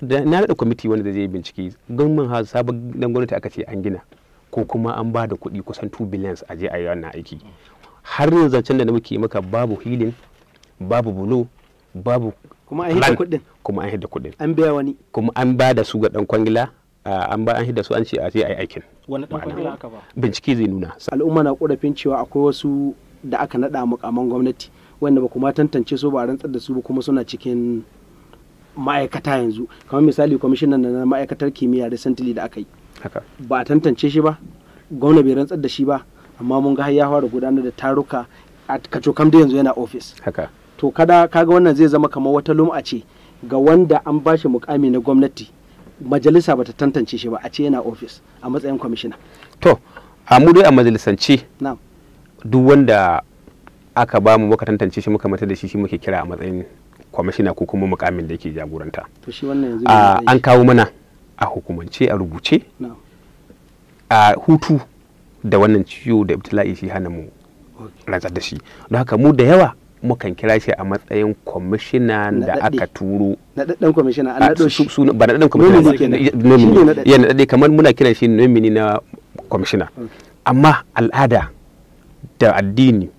na naɗa kwamiti wanda zai bincike gwamnan ha sabon dan gwamnati aka ce an gina ko kuma an ba da kuɗi kusan 2 billions a je a yi wannan aiki har yanzu zancen da muke maka babu hilin babu bulo babu kuma an hidda kuɗin kuma an hidda kuɗin an biya wani kuma an ba da su ga dan kwangila an ba an hidda su an ce a je a yi aikin wani dan kwangila aka ba bincike zai nuna al'umma na korafin cewa akwai wasu da aka naɗa mukaman gwamnati wanda ba kuma tantance su ba rantsar da su ba kuma suna cikin ma'aikata yanzu kamar misali kwamishinan na ma'aikatar kimiyya da santili da aka yi ba a tantance shi ba gwamna bai rantsar da shi ba amma mun ga har ya fara gudanar da taruka a kam da yanzu yana ofis to kada kaga wannan zai zama kamar wata lum'a ce ga wanda an ba shi mukami na gwamnati majalisa bata tantance shi ba a ce yana ofis a matsayin kwamishina to a mu dai a majalisance duk wanda aka ba mu muka tantance shi muka mata da shi shi muke kira a matsayin kwamishina ko kuma mukamin da yake jagoranta an kawo mana a hukumance a rubuce a hutu da wannan ciwo da ibtila'i shi hana mu da shi don haka mu da yawa mukan kira shi a matsayin kwamishina da aka turo ba na kwamishina ba na dade kamar muna kiran shi nomini na kwamishina amma al'ada da addini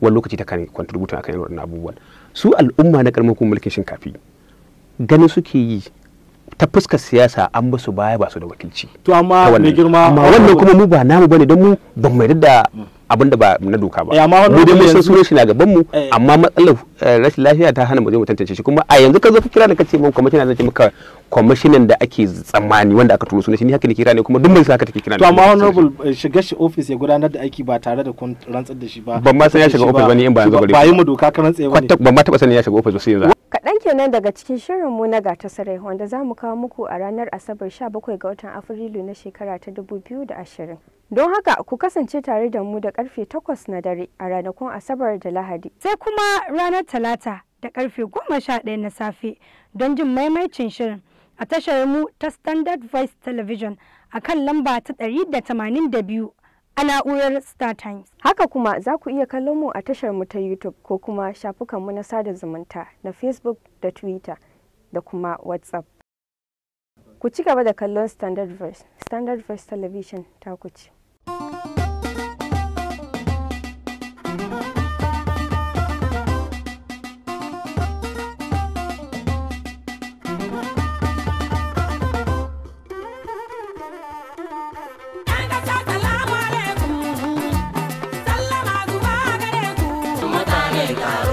wani lokaci ta kan contributing akan irin abubuwan su al'umma na karamar hukumar mulkin shinkafi ganin suke yi ta fuskar siyasa an ba su baya ba su da wakilci to amma ne girma amma wannan kuma mu ba namu bane don mu ban mai da abinda ba na doka ba eh, mu dai mun san sunan shi na gaban mu eh. amma matsalar eh, rashin lafiya ta hana mu zai mu shi kuma a yanzu ka zo ka kira da kace mun kwamishinan zan ce maka kwamishinan da ake tsammani wanda aka turo sunan shi ni haka ne kira ne kuma duk mai haka take kira to amma honorable shiga shi office ya gudanar da aiki ba tare da kun rantsar da shi ba ban ma san ya shiga office bane in ba yanzu bare ba yi mu doka ka rantsa ba ne ban ma taba sanin ya shiga office ba sai yanzu kaɗan kenan daga cikin shirin mu na gata sarai wanda za mu kawo muku a ranar asabar 17 ga watan afrilu na shekara ta 2020 Don haka ku kasance tare da mu da karfe 8 na dare a ranakun Asabar da Lahadi. Sai kuma ranar Talata da karfe 11 na safe don jin maimaicin shirin a tashar mu ta Standard Voice Television a kan lamba ta 182 a na'urar Star Times. Haka kuma za ku iya kallon mu a tashar mu ta YouTube ko kuma shafukanmu na sada zumunta na Facebook da Twitter da kuma WhatsApp. Ku ci gaba da kallon Standard Voice. Standard Voice Television ta kuce. Bye.